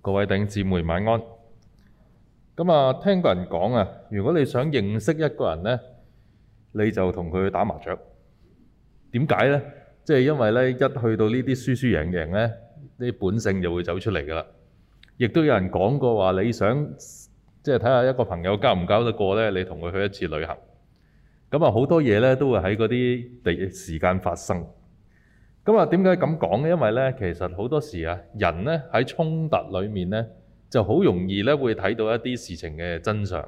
各位弟兄姊妹，晚安。咁啊，聽過人講啊，如果你想認識一個人咧，你就同佢去打麻雀。點解咧？即係因為咧，一去到呢啲輸輸贏贏咧，啲本性就會走出嚟噶啦。亦都有人講過話，你想即係睇下一個朋友交唔交得過咧，你同佢去一次旅行。咁啊，好多嘢咧都會喺嗰啲地時間發生。咁啊，點解咁講咧？因為咧，其實好多時啊，人咧喺衝突裏面咧，就好容易咧會睇到一啲事情嘅真相。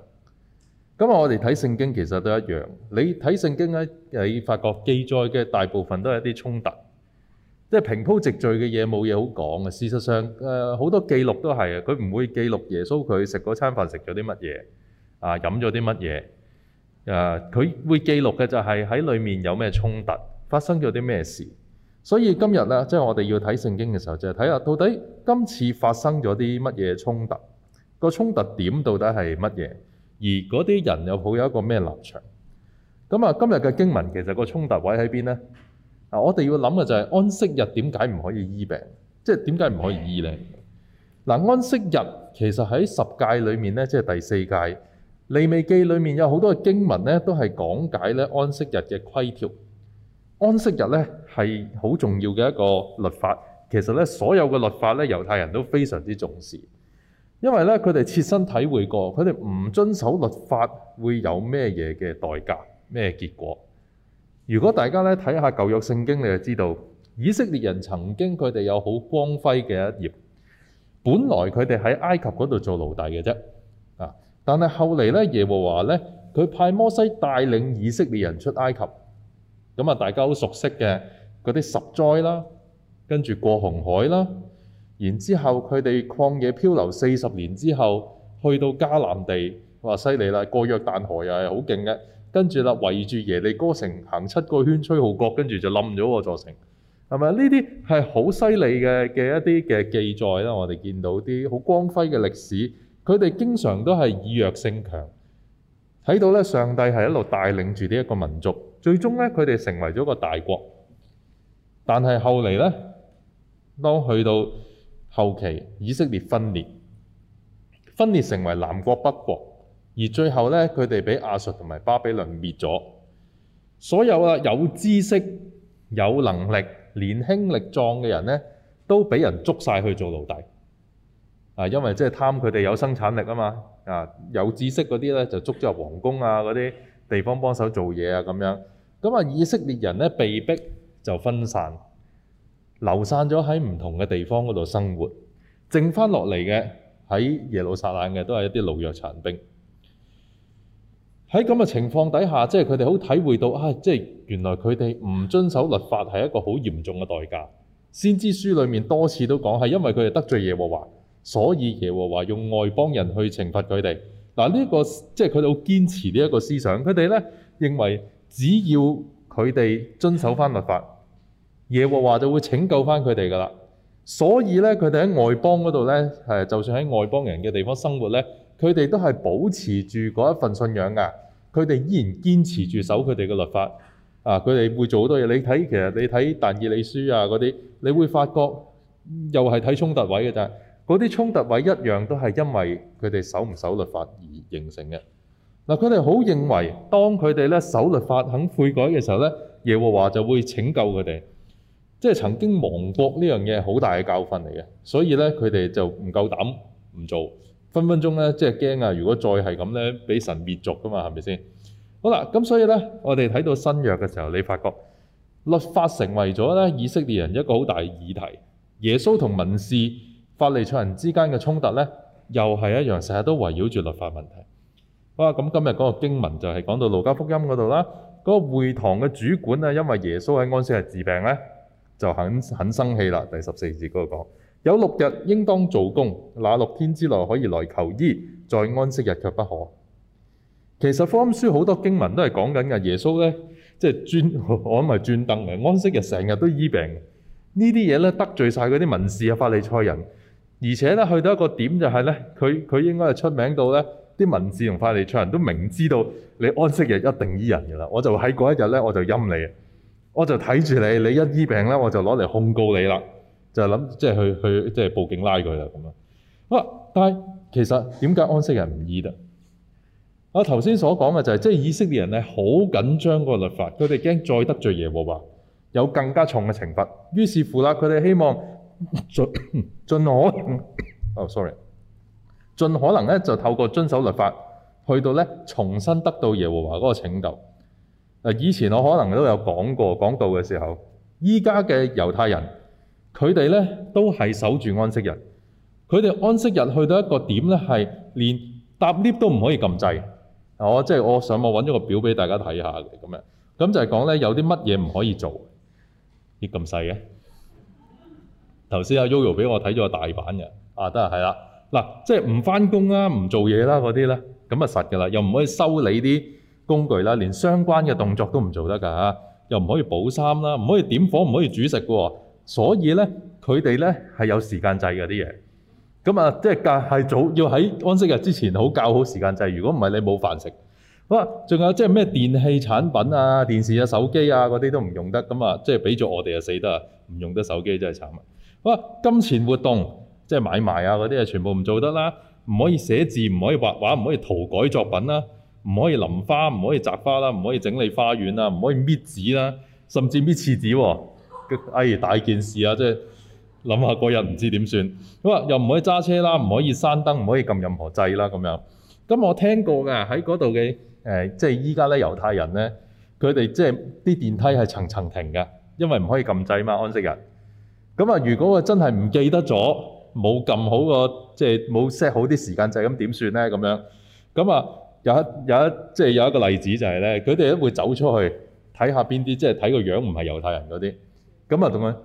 咁啊，我哋睇聖經其實都一樣。你睇聖經咧，你發覺記載嘅大部分都係一啲衝突，即係平鋪直敍嘅嘢冇嘢好講嘅。事實上，誒好多記錄都係佢唔會記錄耶穌佢食嗰餐飯食咗啲乜嘢啊，飲咗啲乜嘢啊。佢會記錄嘅就係喺裡面有咩衝突，發生咗啲咩事。所以今日咧，即係我哋要睇聖經嘅時候，就係睇下到底今次發生咗啲乜嘢衝突，個衝突點到底係乜嘢，而嗰啲人又抱有一個咩立場。咁啊，今日嘅經文其實個衝突位喺邊咧？嗱、啊，我哋要諗嘅就係安息日點解唔可以醫病，即係點解唔可以醫咧？嗱、啊，安息日其實喺十誡裡面咧，即係第四誡利未記裡面有好多嘅經文咧，都係講解咧安息日嘅規條。安息日咧係好重要嘅一個律法，其實咧所有嘅律法咧猶太人都非常之重視，因為咧佢哋切身體會過，佢哋唔遵守律法會有咩嘢嘅代價、咩結果。如果大家咧睇下舊約聖經，你就知道以色列人曾經佢哋有好光輝嘅一頁，本來佢哋喺埃及嗰度做奴隸嘅啫啊，但係後嚟咧耶和華咧佢派摩西帶領以色列人出埃及。大家好熟悉嘅嗰啲十災啦，跟住過紅海啦，然之後佢哋曠野漂流四十年之後，去到迦南地話犀利啦，過約旦河又係好勁嘅，跟住啦圍住耶利哥城行七個圈吹號角，跟住就冧咗個座城，係咪啊？呢啲係好犀利嘅嘅一啲嘅記載啦，我哋見到啲好光輝嘅歷史，佢哋經常都係以弱勝強，睇到咧上帝係一路帶領住呢一個民族。最終呢，佢哋成為咗個大國，但係後嚟呢，當去到後期，以色列分裂，分裂成為南國北國，而最後呢，佢哋俾亞述同埋巴比倫滅咗。所有啊有知識、有能力、年輕力壯嘅人呢，都俾人捉晒去做奴隸，啊，因為即係貪佢哋有生產力啊嘛，啊，有知識嗰啲咧就捉咗入皇宮啊嗰啲。地方幫手做嘢啊，咁樣咁啊！以色列人呢，被逼就分散流散咗喺唔同嘅地方嗰度生活，剩翻落嚟嘅喺耶路撒冷嘅都係一啲老弱殘兵。喺咁嘅情況底下，即係佢哋好體會到啊！即係原來佢哋唔遵守律法係一個好嚴重嘅代價。先知書裡面多次都講，係因為佢哋得罪耶和華，所以耶和華用外邦人去懲罰佢哋。呢、啊呢個即係佢哋好堅持呢一個思想。佢哋咧認為，只要佢哋遵守翻律法，耶和華就會拯救翻佢哋噶啦。所以咧，佢哋喺外邦嗰度咧，誒，就算喺外邦人嘅地方生活咧，佢哋都係保持住嗰一份信仰噶。佢哋依然堅持住守佢哋嘅律法。啊，佢哋會做好多嘢。你睇，其實你睇但以理書啊，嗰啲，你會發覺又係睇衝突位嘅啫。嗰啲衝突位一樣都係因為佢哋守唔守律法而形成嘅。嗱，佢哋好認為當佢哋咧守律法肯悔改嘅時候呢，耶和華就會拯救佢哋。即係曾經亡國呢樣嘢好大嘅教訓嚟嘅，所以呢，佢哋就唔夠膽唔做，分分鐘呢，即係驚啊！如果再係咁咧，俾神滅族㗎嘛，係咪先？好啦，咁所以呢，我哋睇到新約嘅時候，你發覺律法成為咗以色列人一個好大嘅議題。耶穌同文士。法利賽人之間嘅衝突呢，又係一樣，成日都圍繞住律法問題。哇！咁今日嗰個經文就係講到路加福音嗰度啦。嗰個會堂嘅主管咧，因為耶穌喺安息日治病呢，就很很生氣啦。第十四節嗰度講：有六日應當做工，那六天之內可以來求醫，在安息日卻不可。其實福音書好多經文都係講緊㗎，耶穌呢，即係專， 我諗係專登嘅，安息日成日都醫病。這些呢啲嘢咧得罪曬嗰啲文士啊、法利賽人。而且呢，去到一個點就係呢，佢佢應該係出名到咧，啲文士同法利賽人都明知道你安息日一定醫人嘅啦，我就喺嗰一日咧我就陰你，我就睇住你，你，你一醫病咧我就攞嚟控告你啦，就諗即係去去即係報警拉佢啦咁樣。啊，但係其實點解安息日唔醫咧？我頭先所講嘅就係、是、以色列人咧好緊張個律法，佢哋驚再得罪耶和華，有更加重嘅懲罰。於是乎啦，佢哋希望，盡盡可能哦、oh，sorry，盡可能咧就透過遵守律法，去到咧重新得到耶和華嗰個拯救。誒，以前我可能都有講過講到嘅時候，依家嘅猶太人，佢哋咧都係守住安息日。佢哋安息日去到一個點咧，係連搭 lift 都唔可以咁滯。我即係我上網搵咗個表俾大家睇下，咁樣咁就係講咧有啲乜嘢唔可以做，啲咁細嘅。頭先阿 Yoyo 俾我睇咗個大版嘅，啊得啊，係啦，嗱，即係唔返工啦，唔做嘢啦、啊，嗰啲咧，咁啊實㗎啦，又唔可以修理啲工具啦、啊，連相關嘅動作都唔做得㗎，又唔可以補衫啦、啊，唔可以點火，唔可以煮食嘅、啊、喎，所以呢，佢哋呢係有時間制㗎啲嘢，咁啊即係係早要喺安息日之前好教好時間制。如果唔係你冇飯食，哇，仲有即係咩電器產品啊、電視啊、手機啊嗰啲都唔用得，咁啊即係比作我哋就死得啊，唔用得手機真係慘啊！哇！金錢活動即係買賣啊，嗰啲啊全部唔做得啦，唔可以寫字，唔可以畫畫，唔可以塗改作品啦，唔可以淋花，唔可以摘花啦，唔可以整理花園啦，唔可以搣紙啦，甚至搣廁紙喎！哎，大件事啊，即係諗下嗰日唔知點算。哇！又唔可以揸車啦，唔可以閂燈，唔可以撳任何掣啦，咁樣。咁我聽過㗎，喺嗰度嘅誒，即係而家咧猶太人咧，佢哋即係啲電梯係層層停㗎，因為唔可以撳掣啊嘛，安息日。咁啊，如果我真係唔記得咗，冇撳好個，即係冇 set 好啲時間掣，咁點算呢？咁樣，咁啊，有有即係有一個例子就係咧，佢哋會走出去睇下邊啲，即係睇個樣唔係猶太人嗰啲。咁啊，點樣？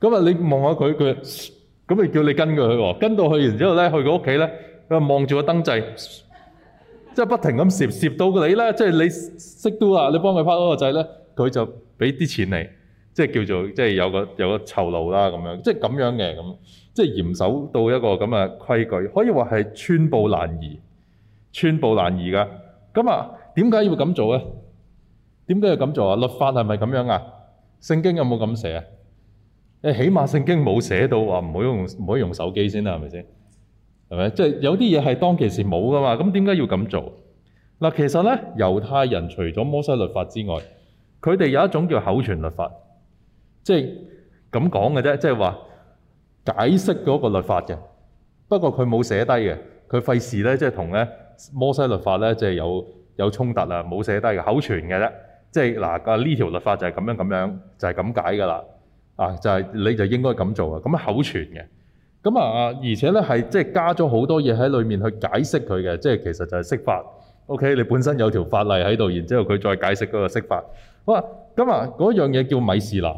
咁啊，你望下佢，佢咁啊叫你跟佢去，跟到去完之後咧，去個屋企咧，佢望住個燈掣，即係不停咁攝攝到你呢，即係你識都啊，你幫佢拍多個掣咧，佢就俾啲錢你。即係叫做，即係有個有個酬勞啦，咁樣即係咁樣嘅咁，即係嚴守到一個咁嘅規矩，可以話係寸步難移，寸步難移噶。咁啊，點解要咁做咧？點解要咁做啊？律法係咪咁樣啊？聖經有冇咁寫啊？誒，起碼聖經冇寫到話唔好用唔可以用手機先啦，係咪先？係咪？即係有啲嘢係當其時冇噶嘛？咁點解要咁做嗱？其實咧，猶太人除咗摩西律法之外，佢哋有一種叫口傳律法。即係咁講嘅啫，即係話解釋嗰個律法嘅。不過佢冇寫低嘅，佢費事咧，即係同咧摩西律法咧，即係有有衝突啊，冇寫低嘅口傳嘅啫。即係嗱啊，呢條律法就係咁樣咁樣，就係、是、咁解㗎啦。啊，就係、是、你就應該咁做啊，咁口傳嘅。咁啊，而且咧係即係加咗好多嘢喺裡面去解釋佢嘅，即係其實就係釋法。O、okay, K，你本身有條法例喺度，然之後佢再解釋嗰個釋法。好啦，咁啊嗰樣嘢叫米士拿。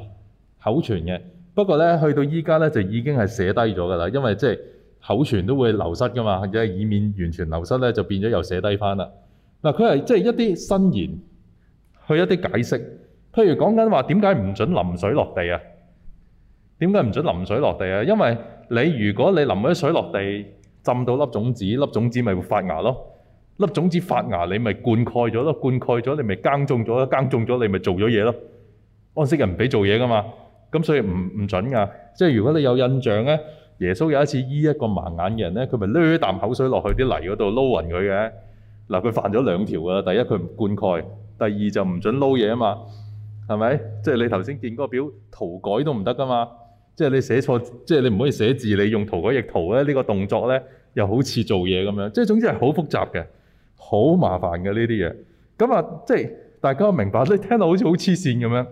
口傳嘅，不過呢，去到依家呢，就已經係寫低咗㗎喇，因為即係口傳都會流失㗎嘛，而係以免完全流失呢，就變咗又寫低返喇。嗱，佢係即係一啲新言，去一啲解釋，譬如講緊話點解唔准淋水落地啊？點解唔准淋水落地啊？因為你如果你淋咗水落地，浸到粒種子，粒種子咪會發芽咯。粒種子發芽，你咪灌溉咗咯，灌溉咗你咪耕種咗，耕種咗你咪做咗嘢咯。安息日唔俾做嘢㗎嘛。咁所以唔唔準噶，即係如果你有印象咧，耶穌有一次醫一個盲眼嘅人咧，佢咪攞一啖口水落去啲泥嗰度撈勻佢嘅。嗱，佢犯咗兩條噶啦，第一佢唔灌溉，第二就唔準撈嘢啊嘛，係咪？即係你頭先見嗰個表塗改都唔得噶嘛，即係你寫錯，即係你唔可以寫字，你用塗改液塗咧，呢個動作咧又好似做嘢咁樣。即係總之係好複雜嘅，好麻煩嘅呢啲嘢。咁啊，即係大家明白咧，你聽到好似好黐線咁樣。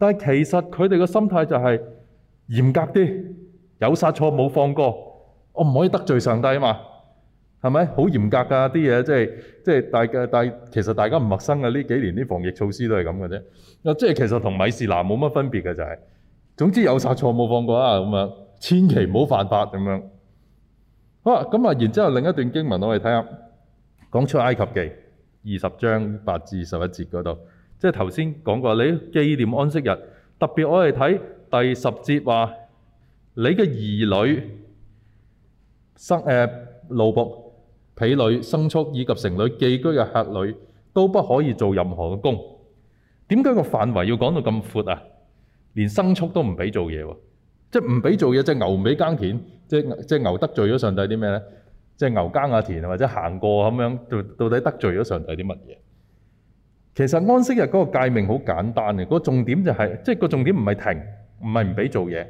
但其實佢哋嘅心態就係嚴格啲，有殺錯冇放過，我唔可以得罪上帝啊嘛，係咪？好嚴格㗎啲嘢，即係、即係即係、大嘅大，其實大家唔陌生啊。呢幾年啲防疫措施都係咁嘅啫，啊，即係其實同米士拿冇乜分別嘅就係、係，總之有殺錯冇放過啊，千祈唔好犯法咁樣。好啦，咁啊，然之後另一段經文我哋睇下，講出埃及記二十章八至十一節嗰度。即係頭先講過，你紀念安息日，特別我哋睇第十節話，你嘅兒女、牲誒奴僕、婢女、牲畜以及城裏寄居嘅客女都不可以做任何嘅工。點解個範圍要講到咁闊啊？連牲畜都唔俾做嘢喎，即係唔俾做嘢，即係牛唔俾耕田，即係牛得罪咗上帝啲咩呢？即係牛耕下田或者行過咁樣，到到底得罪咗上帝啲乜嘢？其實安息日嗰個誡命好簡單嘅，嗰個重點就係，即係個重點唔係停，唔係唔俾做嘢，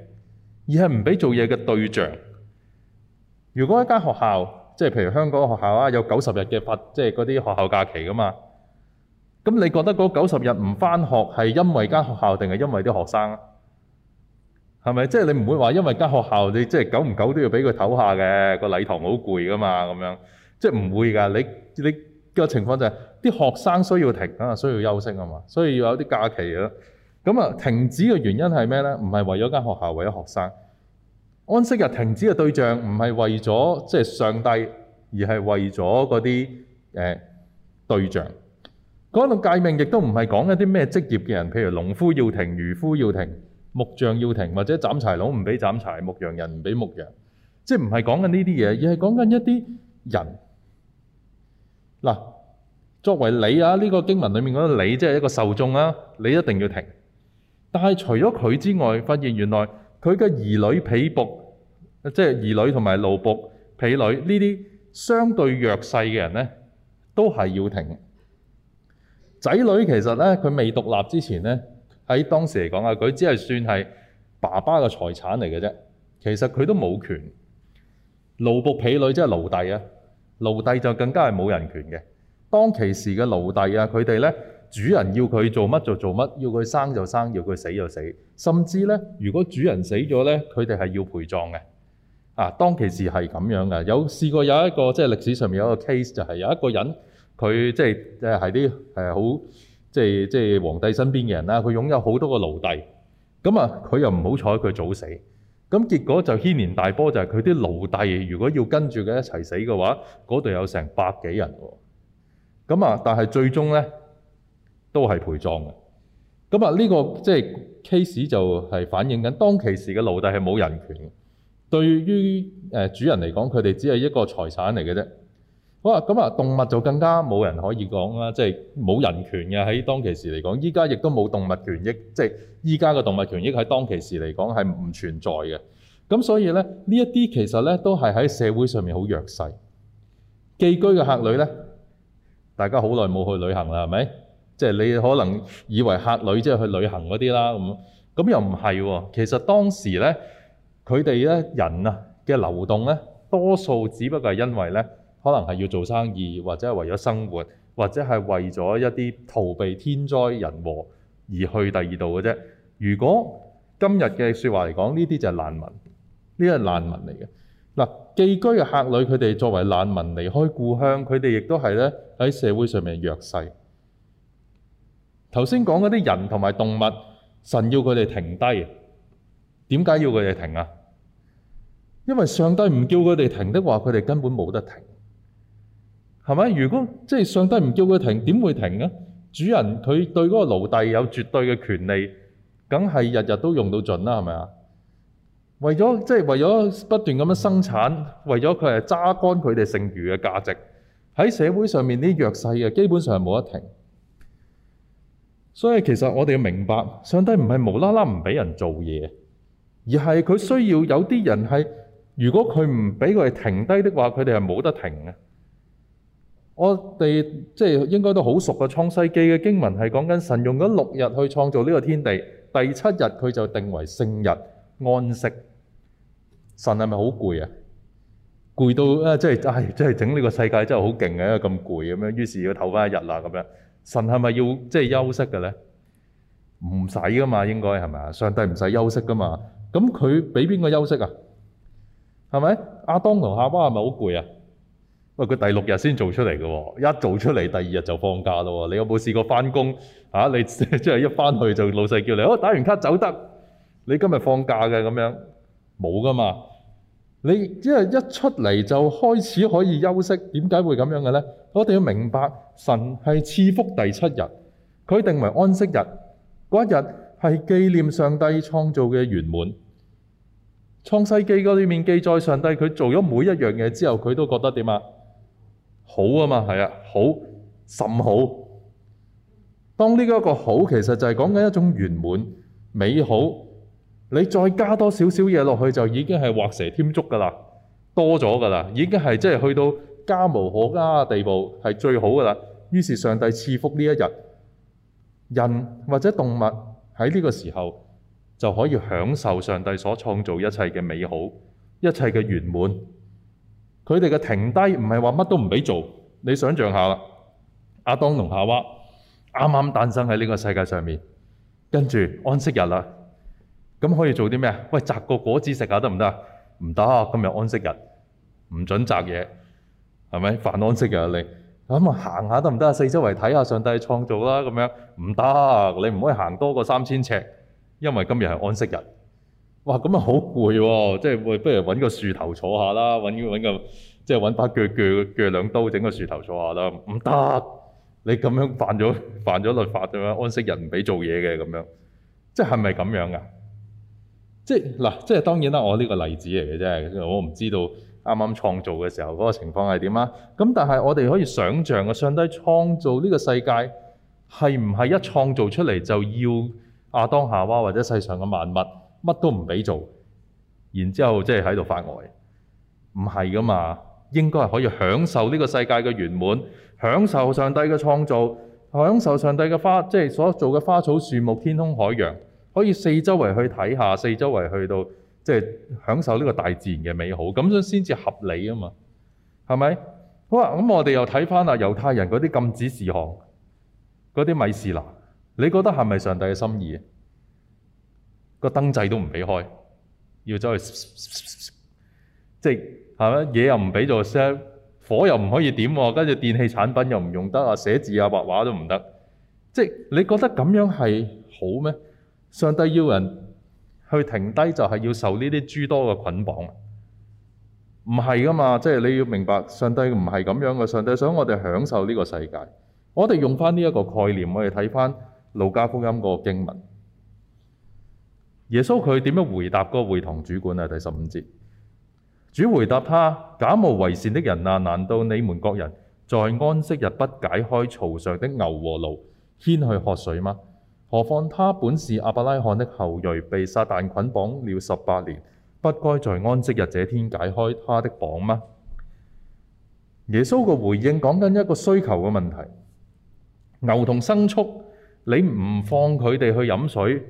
而係唔俾做嘢嘅對象。如果一間學校，即係譬如香港嘅學校啊，有九十日嘅法定，即係嗰啲學校假期㗎嘛，咁你覺得嗰九十日唔返學係因為間學校定係因為啲學生？係咪？即係你唔會話因為間學校，你即係久唔久都要俾佢唞下嘅，個禮堂好攰㗎嘛，咁樣，即係唔會㗎，你你。個情況就係啲學生需要停，需要休息啊嘛，所以要有啲假期咯。咁啊，停止嘅原因係咩咧？唔係為咗間學校，為咗學生安息日停止嘅對象，唔係為咗即係上帝，而係為咗嗰啲誒對象。講到誡命，亦都唔係講一啲咩職業嘅人，譬如農夫要停，漁夫要停，木匠要停，或者斬柴佬唔俾斬柴，牧羊人唔俾牧羊，即係唔係講緊呢啲嘢，而係講緊一啲人。作為你啊，呢個經文裡面嗰個你，即係一個受眾啊，你一定要停。但係除咗佢之外，發現原來佢嘅兒女婢僕，即係兒女同埋奴僕婢女呢啲相對弱勢嘅人呢，都係要停的。仔女其實呢，佢未獨立之前呢，喺當時嚟講啊，佢只係算係爸爸嘅財產嚟嘅啫。其實佢都冇權。奴僕婢女即係奴隸啊。奴婢就更加係冇人權嘅當其時嘅奴隸啊，佢哋呢，主人要佢做乜就做乜，要佢生就生，要佢死就死。甚至呢，如果主人死咗呢，佢哋係要陪葬嘅。啊，當其時係咁樣噶有試過有一個，即係歷史上面有一個 case 就係有一個人，佢即係誒係啲誒好即係即係皇帝身邊嘅人啦，佢擁有好多個奴隸。咁啊，佢又唔好彩，佢早死。咁結果就牽連大波，就係佢啲奴隸，如果要跟住佢一齊死嘅話，嗰度有成百幾人喎。咁啊，但係最終呢都係陪葬嘅。咁啊，呢個即係 case 就係反映緊當其時嘅奴隸係冇人權嘅。對於誒主人嚟講，佢哋只係一個財產嚟嘅啫。好啊，咁啊，動物就更加冇人可以講啦，即係冇人權嘅喺當其時嚟講。依家亦都冇動物權益，即係依家嘅動物權益喺當其時嚟講係唔存在嘅。咁所以咧，呢一啲其實咧都係喺社會上面好弱勢寄居嘅客旅咧。大家好耐冇去旅行啦，係咪？即係你可能以為客旅即係去旅行嗰啲啦咁。咁又唔係喎，其實當時咧，佢哋咧人啊嘅流動咧，多數只不過係因為咧。可能係要做生意，或者係為咗生活，或者係為咗一啲逃避天災人禍而去第二度嘅啫。如果今日嘅説話嚟講，呢啲就係難民，呢啲係難民嚟嘅。嗱，寄居嘅客旅，佢哋作為難民離開故鄉，佢哋亦都係喺社會上面弱勢。頭先講嗰啲人同埋動物，神要佢哋停低，點解要佢哋停啊？因為上帝唔叫佢哋停的話，佢哋根本冇得停。係咪？如果即係上帝唔叫佢停，點會停啊？主人佢對嗰個奴隸有絕對嘅權利，梗係日日都用到盡啦。係咪啊？為咗即係為咗不斷咁樣生產，為咗佢係榨乾佢哋剩餘嘅價值，喺社會上面啲弱勢基本上係冇得停。所以其實我哋要明白，上帝唔係無啦啦唔俾人做嘢，而係佢需要有啲人係，如果佢唔俾佢停低嘅話，佢哋係冇得停嘅。我哋即係應該都好熟嘅，創世記嘅經文係講緊神用咗六日去創造呢個天地，第七日佢就定為聖日安息。神係咪好攰啊？攰到即係、哎哎、整呢個世界真係好勁嘅，因為咁攰，於是要唞翻一日啦咁樣。神係咪要即係休息嘅呢？唔使噶嘛，應該係咪？上帝唔使休息噶嘛。咁佢俾邊個休息啊？係咪亞當同夏娃係咪好攰啊？喂，佢第六日先做出嚟嘅，一做出嚟第二日就放假咯。你有冇試過返工啊？你即係一返去就老細叫你，我、哦、打完卡走得，你今日放假嘅咁樣，冇㗎嘛？你即係一出嚟就開始可以休息，點解會咁樣嘅呢？我哋要明白神係賜福第七日，佢定為安息日嗰一日係紀念上帝創造嘅圓滿。創世記嗰裏面記載上帝佢做咗每一樣嘢之後，佢都覺得點啊？好啊嘛，係啊，好，甚好。當呢一個好其實就係講緊一種圓滿美好。你再加多少少嘢落去就已經係畫蛇添足㗎啦，多咗㗎啦，已經係即係去到加無可加嘅地步，係最好㗎啦。於是上帝賜福呢一日，人或者動物喺呢個時候就可以享受上帝所創造一切嘅美好，一切嘅圓滿。佢哋嘅停低唔係話乜都唔俾做，你想象下啦。亞當同夏娃啱啱誕生喺呢個世界上面，跟住安息日啦，咁可以做啲咩？喂，摘個果子食下得唔得啊？唔得，今日安息日，唔准摘嘢，係咪？犯安息日啊你。咁我行下得唔得啊？四周圍睇下上帝創造啦咁樣，唔得，你唔可以行多過三千尺，因為今日係安息日。哇！咁啊，好攰喎，即係不如揾個樹頭坐下啦，揾揾個，個即係揾把腳鋸鋸兩刀，整個樹頭坐下啦。唔得，你咁樣犯咗犯咗律法咁嘛，安息日唔畀做嘢嘅咁樣。即係係咪咁樣啊？即係嗱，即係當然啦。我呢個例子嚟嘅啫，我唔知道啱啱創造嘅時候嗰個情況係點啊。咁但係我哋可以想像嘅上帝創造呢個世界係唔係一創造出嚟就要亞當夏娃或者世上嘅萬物？乜都唔俾做，然之後即係喺度發呆、呃，唔係噶嘛，應該係可以享受呢個世界嘅圓滿，享受上帝嘅創造，享受上帝嘅花，即係所做嘅花草樹木、天空海洋，可以四周圍去睇下，四周圍去到，即係享受呢個大自然嘅美好，咁樣先至合理啊嘛，係咪？好啊，咁我哋又睇翻啊猶太人嗰啲禁止事項，嗰啲米士拿，你覺得係咪上帝嘅心意？個燈掣都唔畀開，要走去嘶嘶嘶嘶嘶嘶，即係係咪？嘢又唔畀做 s，火又唔可以點喎，跟住電器產品又唔用得啊，寫字啊、畫畫都唔得。即係你覺得咁樣係好咩？上帝要人去停低就係要受呢啲諸多嘅捆綁，唔係噶嘛。即係你要明白，上帝唔係咁樣嘅。上帝想我哋享受呢個世界，我哋用翻呢一個概念，我哋睇翻《路加福音》個經文。耶穌佢點樣回答個會堂主管啊？第十五節，主回答他：假慕為善的人啊，難道你們各人在安息日不解開槽上的牛和驢，先去喝水嗎？何況他本是阿伯拉罕的後裔，被撒旦捆綁，綁了十八年，不該在安息日這天解開他的綁嗎？耶穌個回應講緊一個需求嘅問題：牛同牲畜，你唔放佢哋去飲水？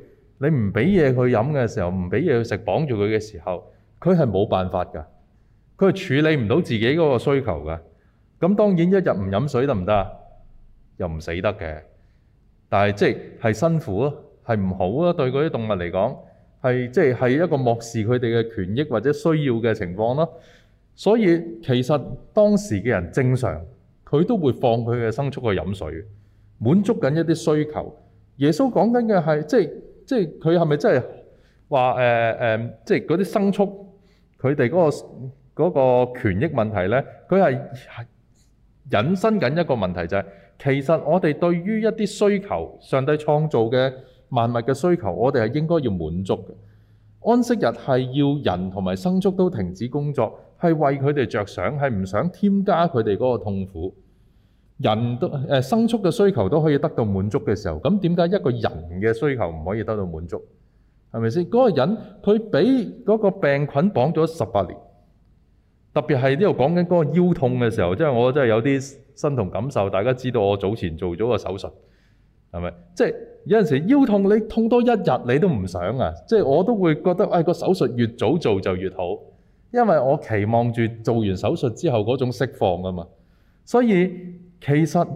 你唔俾嘢佢飲嘅時候，唔俾嘢佢食，綁住佢嘅時候，佢係冇辦法㗎。佢處理唔到自己嗰個需求㗎。咁當然一日唔飲水得唔得？又唔死得嘅，但係即係辛苦咯，係唔好咯，對嗰啲動物嚟講係即係一個漠視佢哋嘅權益或者需要嘅情況咯。所以其實當時嘅人正常，佢都會放佢嘅牲畜去飲水，滿足緊一啲需求。耶穌講緊嘅係，即係即係佢係咪真係話誒誒？即係嗰啲牲畜佢哋嗰個嗰個權益問題咧，佢係引申緊一個問題就係，其實我哋對於一啲需求，上帝創造嘅萬物嘅需求，我哋係應該要滿足嘅。安息日係要人同埋牲畜都停止工作，係為佢哋着想，係唔想添加佢哋嗰個痛苦。人都誒牲畜嘅需求都可以得到滿足嘅時候，咁點解一個人嘅需求唔可以得到滿足？係咪先？嗰個人佢俾嗰個病菌綁咗十八年，特別係呢度講緊嗰個腰痛嘅時候，即係我真係有啲身同感受。大家知道我早前做咗個手術，係咪？即係有陣時腰痛你，你痛多一日你都唔想啊！即係我都會覺得，誒，個手術越早做就越好，因為我期望住做完手術之後嗰種釋放啊嘛。所以。其實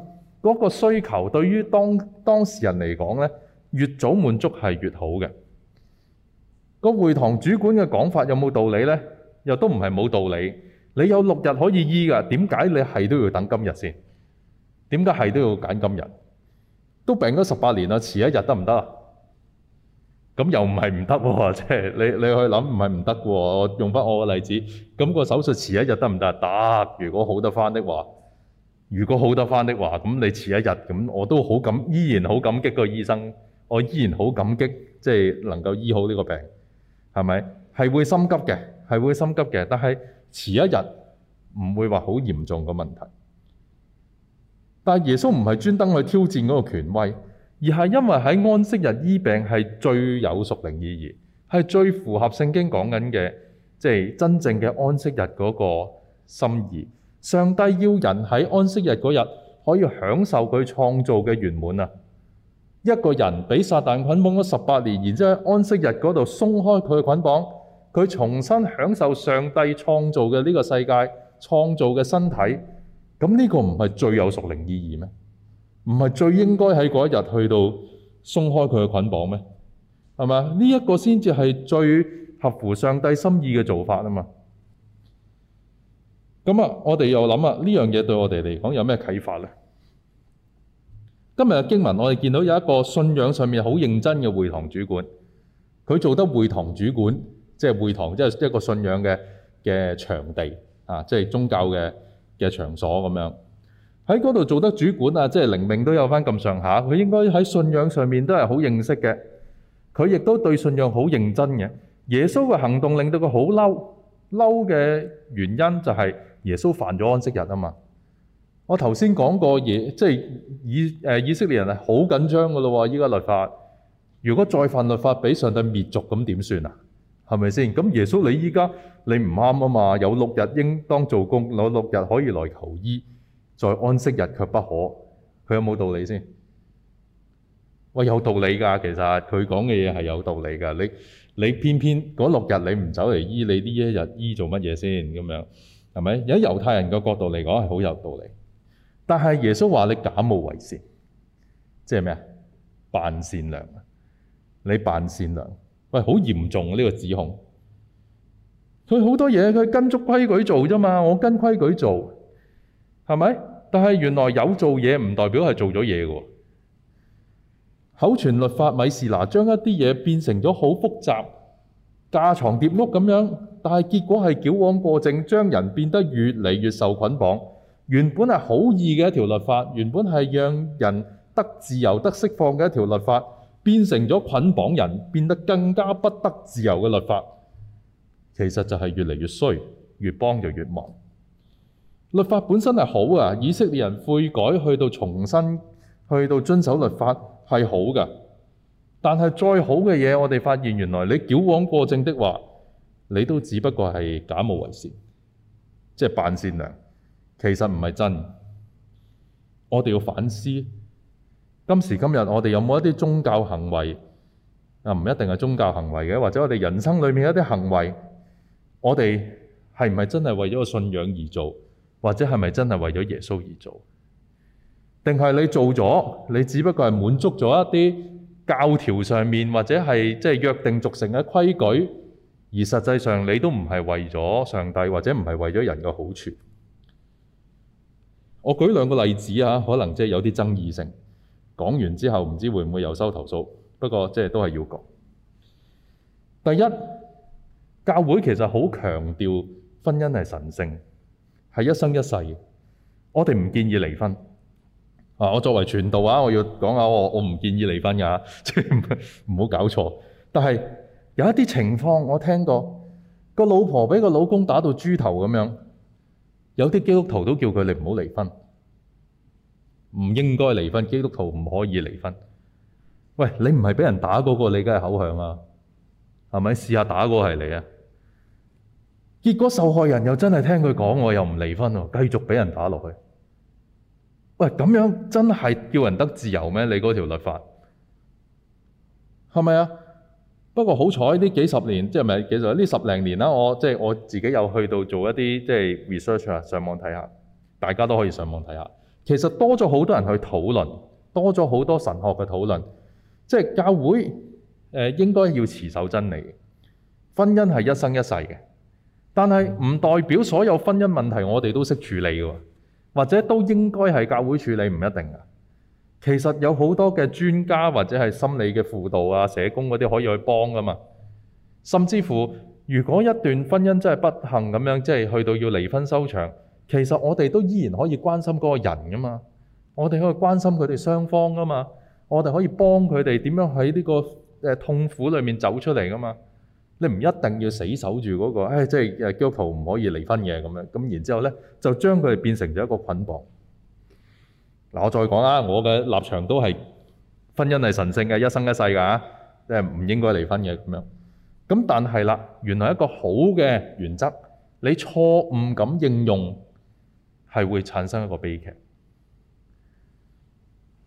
嗰個需求對於當當事人嚟講呢越早滿足係越好嘅。個會堂主管嘅講法有冇道理呢？又都唔係冇道理。你有六日可以醫㗎，點解你係都要等今日先？點解係都要揀今日？都病咗十八年啦，遲一日得唔得？咁又唔係唔得喎，即 係你，你去諗，唔係唔得喎。用返我個例子，咁個手術遲一日得唔得？得，如果好得返嘅話。如果好得翻的話，咁你遲一日咁，我都好感，依然好感激個醫生，我依然好感激，即係能夠醫好呢個病，係咪？係會心急嘅，係會心急嘅，但係遲一日唔會話好嚴重個問題。但係耶穌唔係專登去挑戰嗰個權威，而係因為喺安息日醫病係最有屬靈意義，係最符合聖經講緊嘅，即係真正嘅安息日嗰個心意。上帝要人喺安息日嗰日可以享受佢創造嘅圓滿。一個人俾撒旦捆綁咗十八年，然之後喺安息日嗰度鬆開佢嘅捆綁，佢重新享受上帝創造嘅呢個世界、創造嘅身體，咁呢個唔係最有屬靈意義咩？唔係最應該喺嗰一日去到鬆開佢嘅捆綁咩？係嘛？呢一個先至係最合乎上帝心意嘅做法啊嘛！咁啊，我哋又諗啊，呢樣嘢對我哋嚟講有咩啟發呢？今日嘅經文，我哋見到有一個信仰上面好認真嘅會堂主管，佢做得會堂主管，即係會堂，即係一個信仰嘅嘅場地啊，即係宗教嘅嘅場所咁樣，喺嗰度做得主管啊，即係靈命都有翻咁上下，佢應該喺信仰上面都係好認識嘅，佢亦都對信仰好認真嘅。耶穌嘅行動令到佢好嬲，嬲嘅原因就係、是。耶穌犯咗安息日啊嘛！我頭先講過耶，即係以、呃、以色列人係好緊張噶咯喎！依家律法，如果再犯律法，俾上帝滅族，咁點算啊？係咪先？咁耶穌你依家你唔啱啊嘛！有六日應當做工，有六,六日可以來求醫，在安息日卻不可，佢有冇道理先？喂，有道理㗎，其實佢講嘅嘢係有道理㗎。你你偏偏嗰六日你唔走嚟醫，你呢一日醫做乜嘢先咁樣？係咪？喺猶太人嘅角度嚟講，係好有道理。但係耶穌話你假冒為善，即係咩啊？扮善良，你扮善良，喂，好嚴重嘅、啊、呢、呢個指控。佢好多嘢，佢跟足規矩做啫嘛。我跟規矩做，係咪？但係原來有做嘢唔代表係做咗嘢嘅。口傳律法米士拿將一啲嘢變成咗好複雜、架床疊屋咁樣。但係結果係矯枉過正，將人變得越嚟越受捆綁。原本係好意嘅一條律法，原本係讓人得自由、得釋放嘅一條律法，變成咗捆綁人，變得更加不得自由嘅律法。其實就係越嚟越衰，越幫就越忙。律法本身係好啊，以色列人悔改去到重新去到遵守律法係好㗎。但係再好嘅嘢，我哋發現原來你矯枉過正的話。你都只不過係假冒偽善，即係扮善良，其實唔係真。我哋要反思，今時今日我哋有冇一啲宗教行為啊？唔一定係宗教行為嘅，或者我哋人生裏面一啲行為，我哋係唔係真係為咗信仰而做，或者係咪真係為咗耶穌而做？定係你做咗，你只不過係滿足咗一啲教條上面，或者係即係約定俗成嘅規矩？而實際上，你都唔係為咗上帝，或者唔係為咗人嘅好處。我舉兩個例子啊，可能即係有啲爭議性。講完之後，唔知會唔會又收投訴，不過即係都係要講。第一，教會其實好強調婚姻係神聖，係一生一世。我哋唔建議離婚啊！我作為傳道啊，我要講下我我唔建議離婚㗎，即係唔好搞錯。但係有一啲情況我聽過，個老婆俾個老公打到豬頭咁樣，有啲基督徒都叫佢你唔好離婚，唔應該離婚。基督徒唔可以離婚。喂，你唔係俾人打嗰個，你梗係口向啊，係咪？試下打嗰個係你啊！結果受害人又真係聽佢講，我又唔離婚喎、啊，繼續俾人打落去。喂，咁樣真係叫人得自由咩？你嗰條律法係咪啊？是不過好彩呢幾十年，即係咪幾十，十多年呢十零年啦？我，我自己有去到做一啲即係 research 啊，上網睇下，大家都可以上網睇下。其實多咗好多人去討論，多咗好多神學嘅討論。即係教會誒、呃、應該要持守真理，婚姻係一生一世嘅，但係唔代表所有婚姻問題我哋都識處理嘅，或者都應該係教會處理唔一定㗎。其實有好多嘅專家或者係心理嘅輔導啊、社工嗰啲可以去幫㗎嘛。甚至乎，如果一段婚姻真係不幸咁樣，即係去到要離婚收場，其實我哋都依然可以關心嗰個人㗎嘛。我哋可以關心佢哋雙方㗎嘛。我哋可以幫佢哋點樣喺呢個誒痛苦裡面走出嚟㗎嘛。你唔一定要死守住嗰個，誒即係誒要求唔可以離婚嘅咁樣。咁然之後咧，就將佢哋變成咗一個捆綁。我再講啦，我嘅立場都係婚姻係神聖嘅，一生一世㗎，即係唔應該離婚嘅咁樣。咁但係啦，原來一個好嘅原則，你錯誤咁應用，係會產生一個悲劇。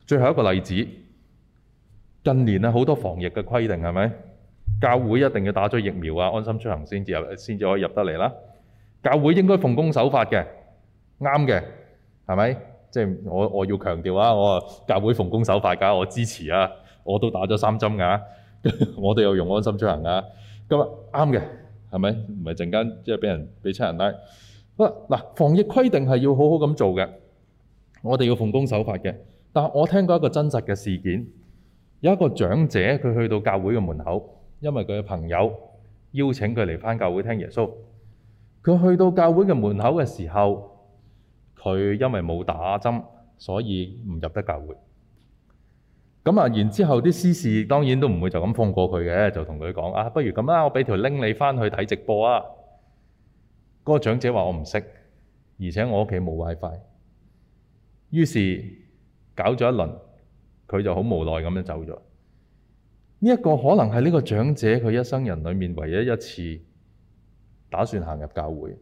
最後一個例子，近年好多防疫嘅規定係咪？教會一定要打咗疫苗啊，安心出行先至入，先至可以入得嚟啦。教會應該奉公守法嘅，啱嘅，係咪？即係我我要強調啊！我啊教會奉公守法㗎，我支持啊！我都打咗三針㗎， 我哋有用安心出行㗎。咁啱嘅係咪？唔係陣間即係俾人俾差人拉。好嗱，防疫規定係要好好咁做嘅，我哋要奉公守法嘅。但係我聽過一個真實嘅事件，有一個長者佢去到教會嘅門口，因為佢嘅朋友邀請佢嚟翻教會聽耶穌。佢去到教會嘅門口嘅時候，佢因為冇打針，所以唔入得教會。咁啊，然之後啲司事當然都唔會就咁放過佢嘅，就同佢講：啊，不如咁啦，我畀條拎你翻去睇直播啊。嗰個長者話：我唔識，而且我屋企冇 WiFi。於是搞咗一輪，佢就好無奈咁就走咗。呢一個可能係呢個長者佢一生人裡面唯一一次打算行入教會。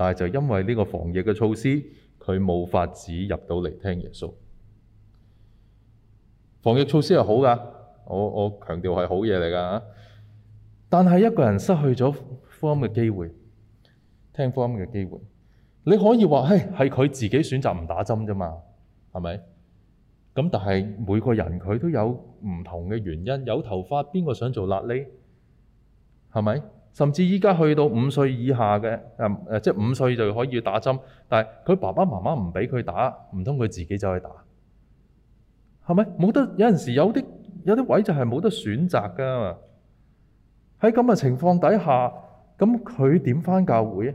但係就因為呢個防疫嘅措施，佢冇法子入到嚟聽耶穌。防疫措施係好㗎，我我強調係好嘢嚟㗎。但係一個人失去咗福音嘅機會，聽福音嘅機會，你可以話嘿係佢自己選擇唔打針啫嘛，係咪？咁但係每個人佢都有唔同嘅原因，有頭髮邊個想做瘌痢，係咪？甚至依家去到五歲以下嘅，誒即五歲就可以打針，但係佢爸爸媽媽唔俾佢打，唔通佢自己走去打係咪？冇得有時有啲位置就係冇得選擇㗎。喺咁嘅情況底下，咁佢點返教會啊？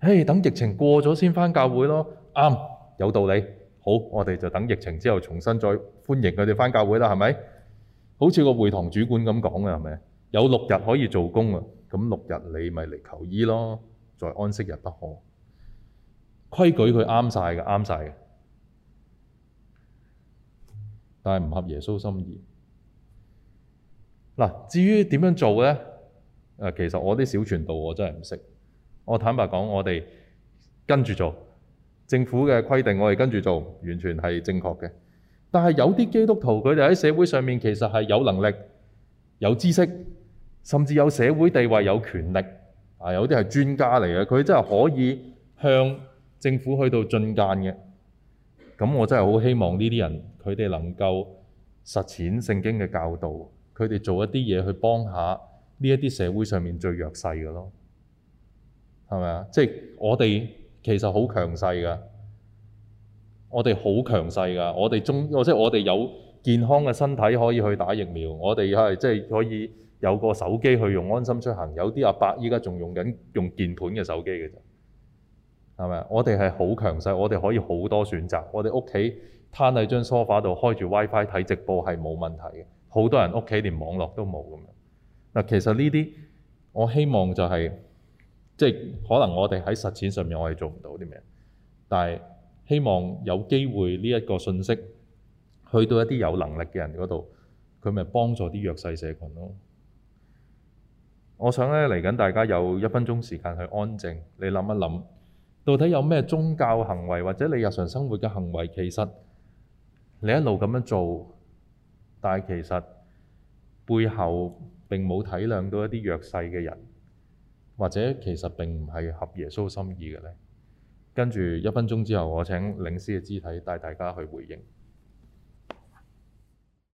誒，等疫情過咗先返教會咯。啱，有道理。好，我哋就等疫情之後重新再歡迎佢哋返教會啦。係咪？好似個會堂主管咁講嘅係咪？有六日可以做工啊！咁六日你咪嚟求醫咯，再安息日不可。規矩，佢啱晒嘅，啱晒嘅。但係唔合耶穌心意。嗱，至於點樣做咧？誒，其實我啲小傳道我真係唔識，我坦白講，我哋跟住做政府嘅規定，我哋跟住做，完全係正確嘅。但係有啲基督徒佢哋喺社會上面其實係有能力、有知識。甚至有社會地位、有權力啊！有啲係專家嚟嘅，佢真係可以向政府去到進諫嘅。咁我真係好希望呢啲人佢哋能夠實踐聖經嘅教導，佢哋做一啲嘢去幫下呢一啲社會上面最弱勢嘅咯，係咪啊？即係我哋其實好強勢噶，我哋好強勢噶，我哋中即係我哋有健康嘅身體可以去打疫苗，我哋係即係可以。有個手機去用安心出行，有啲阿伯而家仲用緊用鍵盤嘅手機嘅啫，係咪？我哋係好強勢，我哋可以好多選擇。我哋屋企攤喺張梳化度開住 WiFi 睇直播係冇問題嘅。好多人屋企連網絡都冇咁樣嗱，其實呢啲我希望就係、是、即係可能我哋喺實踐上面我係做唔到啲咩，但係希望有機會呢一個信息去到一啲有能力嘅人嗰度，佢咪幫助啲弱勢社群咯。我想咧嚟緊，大家有一分鐘時間去安靜。你諗一諗，到底有咩宗教行為或者你日常生活嘅行為，其實你一路咁樣做，但係其實背後並冇體諒到一啲弱勢嘅人，或者其實並唔係合耶穌心意嘅咧。跟住一分鐘之後，我請領詩嘅肢體帶大家去回應。